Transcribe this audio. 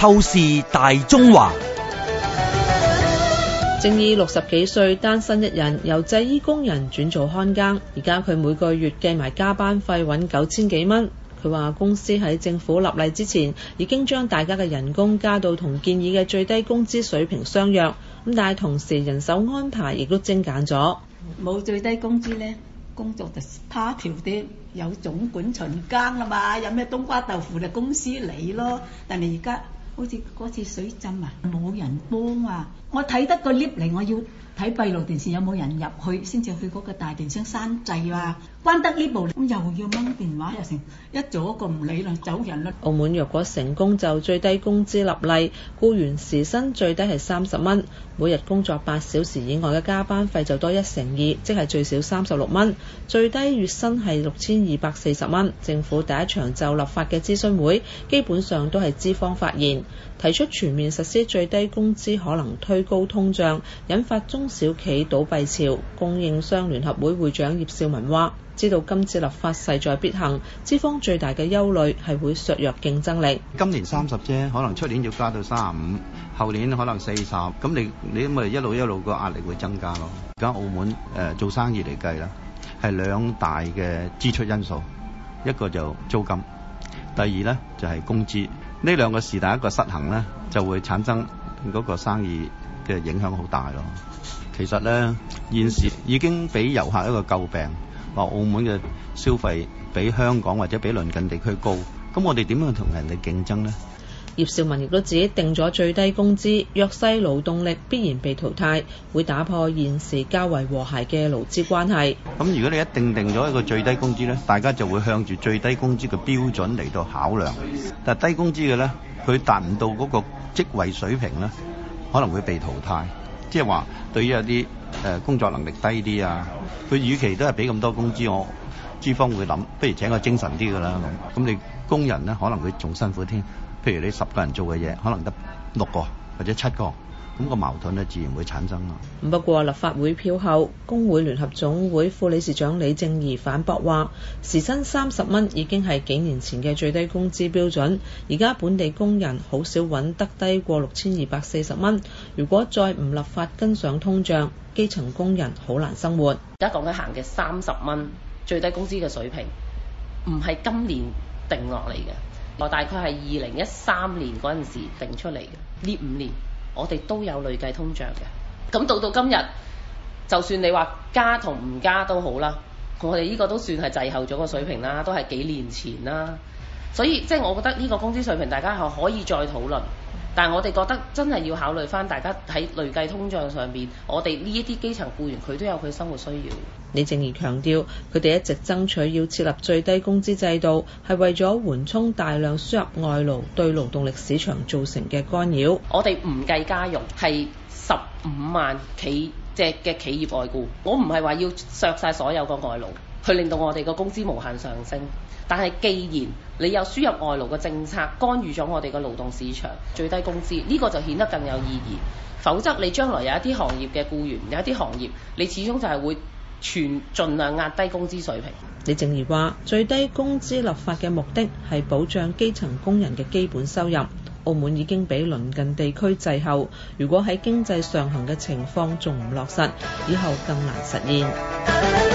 透視大中華，正姨，六十幾歲單身一人，由製衣工人轉做看更，而家佢每個月計埋加班費，搵九千幾蚊。佢話公司喺政府立例之前，已經將大家嘅人工加到同建議嘅最低工資水平相約，咁但係同時人手安排亦都精簡咗。冇最低工資呢，工作就趴條啲，有總管巡更啊嘛，有咩冬瓜豆腐就公司理咯，但係而家。好似嗰次水浸啊，冇人幫啊！我睇得個 lift 嚟，我要睇閉路電視有冇人入去，先至去嗰個大電箱閂掣啊。關得呢部咁又要掹電話又成，一早一個唔理啦，走人啦！澳門若果成功就最低工資立例，雇員時薪最低係三十蚊，每日工作八小時以外嘅加班費就多一成二，即係最少三十六蚊，最低月薪係六千二百四十蚊。政府第一場就立法嘅諮詢會，基本上都係資方發言。提出全面實施最低工資可能推高通脹，引發中小企倒閉潮。供應商聯合會會長葉少文話，知道今次立法勢在必行，資方最大嘅憂慮係會削弱競爭力。今年三十啫，可能出年要加到三十五，後年可能四十，咁你你咪一路一路個壓力會增加咯。而家澳門誒做生意嚟計啦，係兩大嘅支出因素，一個就租金，第二咧就係工資。呢兩個時大一個失衡呢就會產生嗰個生意嘅影響好大咯。其實呢現時已經俾遊客一個詬病，話澳門嘅消費比香港或者比鄰近地區高，咁我哋點樣同人哋競爭呢？葉兆文亦都自己定咗最低工資，若西勞動力必然被淘汰，會打破現時較為和諧嘅勞資關係。咁如果你一定定咗一個最低工資咧，大家就會向住最低工資嘅標準嚟到考量。但係低工資嘅咧，佢達唔到嗰個職位水平咧，可能會被淘汰。即係話對於有啲誒工作能力低啲啊，佢與其都係俾咁多工資我。資方會諗，不如請個精神啲嘅啦咁。咁你工人呢，可能會仲辛苦添。譬如你十個人做嘅嘢，可能得六個或者七個，咁個矛盾呢自然會產生咯。不過立法會票後，工會聯合總會副理事長李正儀反駁話：時薪三十蚊已經係幾年前嘅最低工資標準，而家本地工人好少揾得低過六千二百四十蚊。如果再唔立法跟上通脹，基層工人好難生活。而家講緊行嘅三十蚊。最低工資嘅水平唔係今年定落嚟嘅，我大概係二零一三年嗰陣時定出嚟嘅。呢五年我哋都有累計通脹嘅，咁到到今日，就算你話加同唔加都好啦，我哋呢個都算係滯後咗個水平啦，都係幾年前啦。所以即係我覺得呢個工資水平，大家係可以再討論。但我哋覺得真係要考慮翻，大家喺累計通脹上面。我哋呢一啲基層雇員佢都有佢生活需要。李靜儀強調，佢哋一直爭取要設立最低工資制度，係為咗緩衝大量輸入外勞對勞動力市場造成嘅干擾。我哋唔計家用，係十五萬企嘅企業外雇，我唔係話要削晒所有個外勞，去令到我哋個工資無限上升。但係既然你有輸入外勞嘅政策，干預咗我哋個勞動市場最低工資，呢個就顯得更有意義。否則你將來有一啲行業嘅雇員，有一啲行業，你始終就係會全盡量壓低工資水平。李靜儀話：最低工資立法嘅目的係保障基層工人嘅基本收入。澳門已經比鄰近地區滯後，如果喺經濟上行嘅情況仲唔落實，以後更難實現。